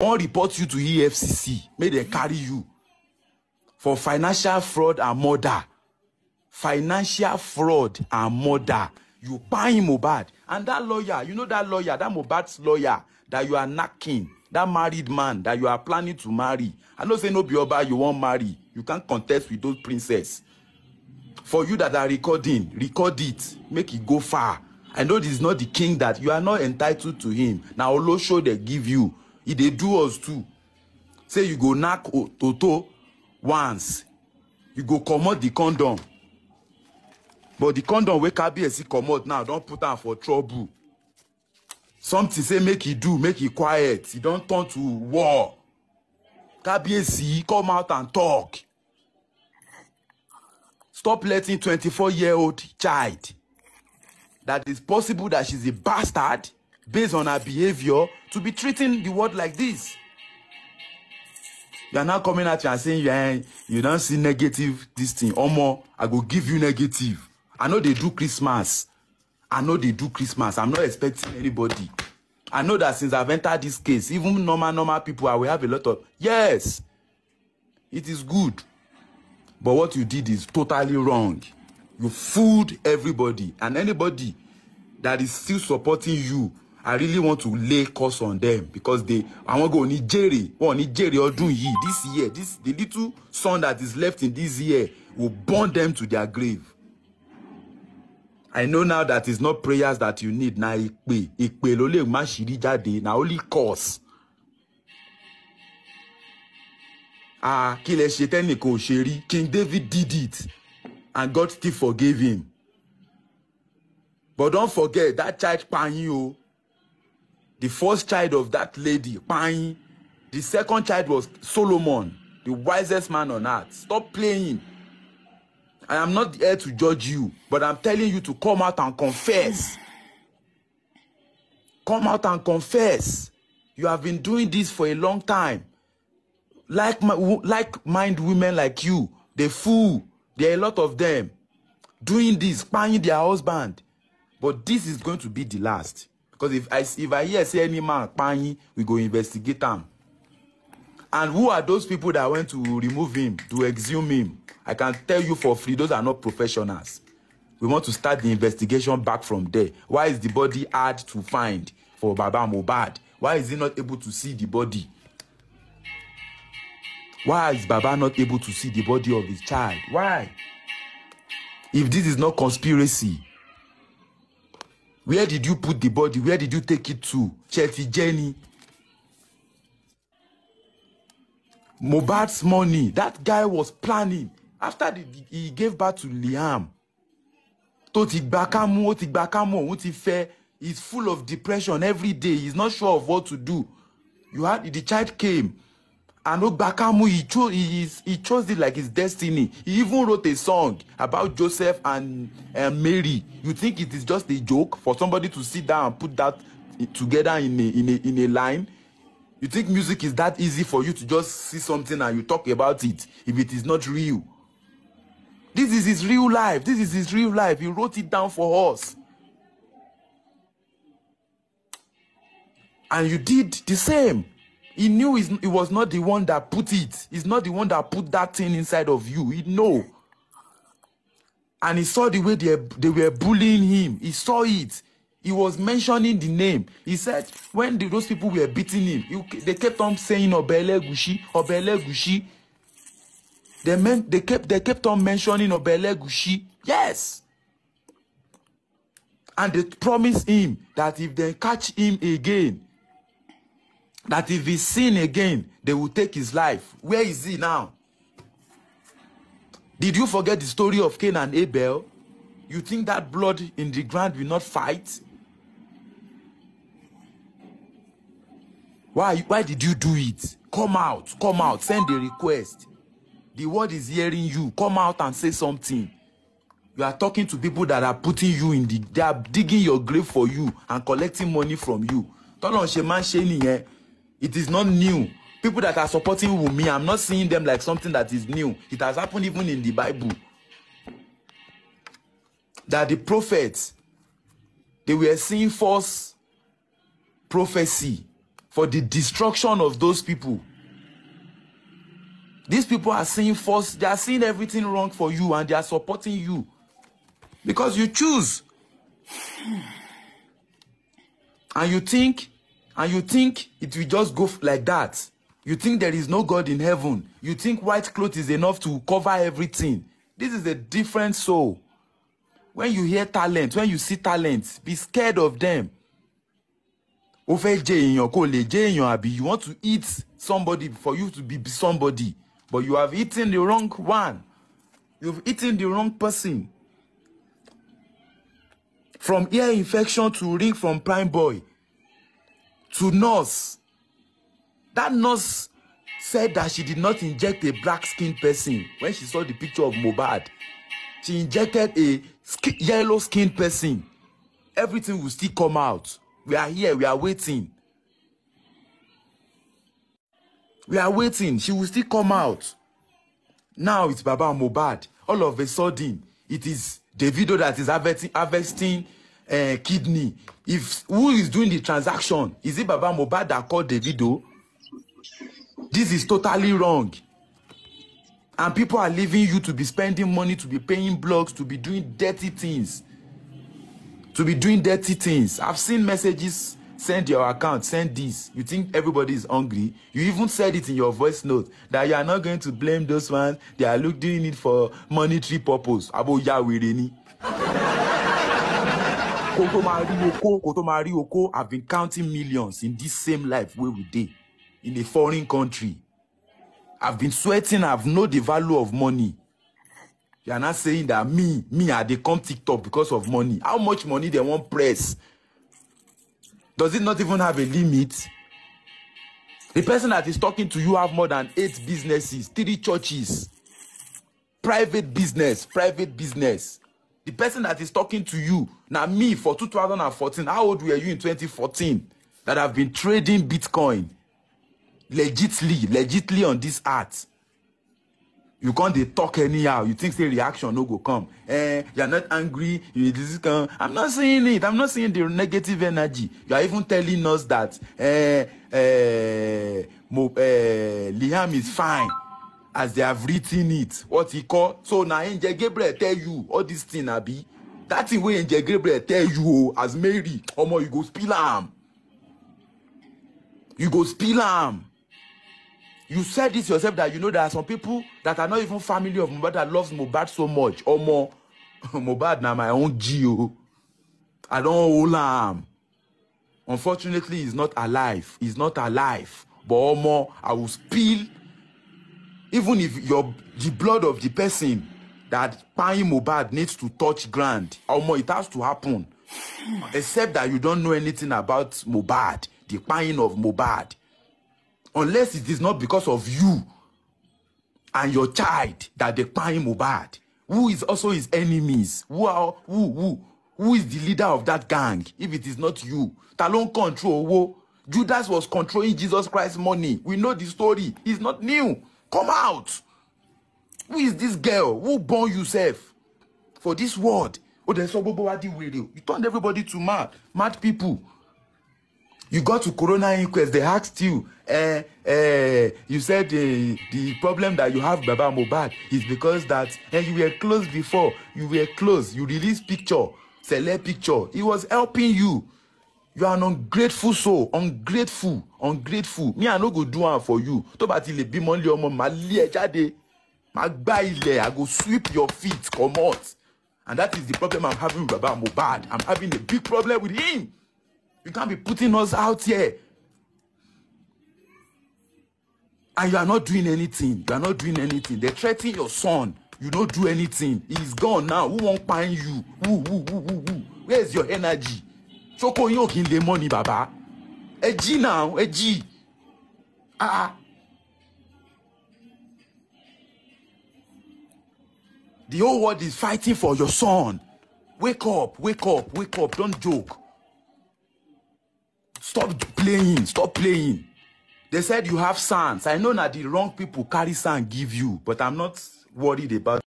wan report you to efcc make dem carry you for financial fraud and murder financial fraud and murder you paying mohbad and that lawyer you know that lawyer that mohbad's lawyer that you are knacking that married man that you are planning to marry i know say no be oba you wan marry you can contest with those princess for you that are recording record it make e go far i know this is not the king that you are not entitled to him na olosho dey give you e dey do us too say you go knack toto once you go comot the condom but the condom wey kabiyesi comot now don put am for trouble something say make e do make e quiet e don turn to war kabiyesi come out and talk stop letting 24 year old child that is possible that she's a bastard based on her behavior to be treating the world like this. You are now coming at you and saying, yeah, you don't see negative this thing. Omo, I go give you negative. I know they do Christmas. I know they do Christmas. I'm not expecting anybody. I know that since I've entered this case, even normal, normal people, I will have a lot of, yes, it is good. But what you did is totally wrong. You fooled everybody. And anybody that is still supporting you I really want to lay curse on them because they àwọn go ní jèrè wọn ní jèrè ọdún yìí this year this the little son that is left in this year will burn them to their grave. I know now that it's not prayers that you need na ìpè ìpè ló lè má ṣírí jáde na only curse. Ah, kí lẹ ṣe tẹ́nìkan ò King David did it and God still forgive him. But don't forget that child pa yín o. The first child of that lady, Pain. The second child was Solomon, the wisest man on earth. Stop playing. I am not here to judge you, but I'm telling you to come out and confess. Come out and confess. You have been doing this for a long time. Like, like mind women like you, they fool. There are a lot of them doing this, spying their husband. But this is going to be the last. Because if I, if I hear say any man kpanyi, we go investigate him. And who are those people that went to remove him, to exhume him? I can tell you for free, those are not professionals. We want to start the investigation back from there. Why is the body hard to find for Baba Mohbad? Why is he not able to see the body? Why is Baba not able to see the body of his child? Why? If this is not conspiracy, where did you put the body where did you take it to Chelsea Jenny. jẹ́ Mohbad's money that guy was planning after the, he gave birth to Liam tó ti gba kámú ó ti gba kámú òun ti fẹ́ he's full of depression every day he's not sure of what to do you had the child came and Ogbakamu, he, cho- he, he chose it like his destiny. He even wrote a song about Joseph and uh, Mary. You think it is just a joke for somebody to sit down and put that together in a, in a, in a line? You think music is that easy for you to just see something and you talk about it if it is not real? This is his real life. This is his real life. He wrote it down for us. And you did the same. He knew he was not the one that put it. He's not the one that put that thing inside of you. He know. And he saw the way they, they were bullying him. He saw it. He was mentioning the name. He said when the, those people were beating him, he, they kept on saying Gushi, Obelegushi, Gushi. They meant they kept they kept on mentioning Gushi. Yes. And they promised him that if they catch him again, that if he sin again, they will take his life. Where is he now? Did you forget the story of Cain and Abel? You think that blood in the ground will not fight? Why, why did you do it? Come out, come out, send a request. The world is hearing you. Come out and say something. You are talking to people that are putting you in the, they are digging your grave for you and collecting money from you. Tọ́lọ́ ṣe máa ń ṣe nìyẹn it is not new people that are supporting Wunmi i'm not seeing them like something that is new it has happened even in the bible that the prophets they were seeing false prophecy for the destruction of those people these people are seeing false they are seeing everything wrong for you and they are supporting you because you choose and you think and you think it will just go like that you think there is no god in heaven you think white cloth is enough to cover everything this is a different soul when you hear talent when you see talent be scared of them o fẹ́ jẹ èèyàn kó lè jẹ èèyàn àbí you want to eat somebody for you to be somebody but you have eaten the wrong one you have eaten the wrong person from ear infection to ring from prime boy to nurse that nurse said that she did not inject a black skin person when she saw the picture of Mohbad she injected a skin, yellow skin person everything will still come out we are here we are waiting we are waiting she will still come out now it's baba Mohbad all of a sudden it is Davido that is harvesting harvesting uh, kidney if who is doing the transaction is it baba mohbad that called davido this is totally wrong and people are leaving you to be spending money to be paying blogs to be doing dirty things to be doing dirty things i've seen messages send your account send this you think everybody is hungry you even said it in your voice note that you are not going to blame those ones they are looking doing it for monetary purpose aboya were ni kó tó máa rí okó kó tó máa rí okó i have been counting millions in this same life wey we dey in a foreign country i have been sweating i have know the value of money you are not saying that me me i dey come tiktok because of money how much money dem wan press does it not even have a limit the person that is talking to you have more than eight businesses three churches private business private business The person that is talking to you, now me for 2014, how old were you in 2014 that have been trading Bitcoin legitly, legitly on this art? You can't they talk anyhow. You think the reaction no go come. Eh, are not angry. You this come. I'm not seeing it. I'm not seeing the negative energy. You are even telling us that eh, eh, Mo, eh, Liam is fine as they have written it what he call so na angel gabriel tell you all this thing abi that thing wey angel gabriel tell you o as mary omo you go spill am you go spill am you said this yourself that you know there are some people that are not even family of mohbad that loves mohbad so much omo mohbad na my own g o i don hold am unfortunately he's not alive he's not alive but omo i will spill even if your the blood of the person that kpai Mohbad needs to touch ground omo it has to happen except that you don't know anything about Mohbad the kpaiing of Mohbad unless it is not because of you and your child that dey kpai Mohbad who is also his enemies who are who who who is the leader of that gang if it is not you ta control owó Judas was controlling Jesus Christ money we know the story it's not new Come out. Who is this girl? Who born yourself for this world? Oh, there's so gbogbo wa di You turned everybody to mad. Mad people. You go to corona inquest. They asked you, eh, eh, you said eh, the problem that you have, Baba Mohbad, is because that eh, you were close before. You were close. You release picture, select picture. He was helping you you are an ungrateful soul ungrateful ungrateful me i no go do am for you tó bá ti lè bímọ nílé ọmọ màá lé ẹ jáde màá gbá ilẹ̀ i go sweep your feet comot and that is the problem i'm having with baba mohbad i'm having a big problem with him you can't be putting us out here and you are not doing anything you are not doing anything they threaten your son you no do anything he is gone now who wan kpai you who who who who who where is your energy ṣókó yín ò kí n lè mọ́ ni bàbá ẹ jí náà ẹ jí ah, ah the whole world is fighting for your son wake up wake up wake up don't joke stop playing stop playing they said you have sons i know na the wrong people carry sons give you but i'm not worried about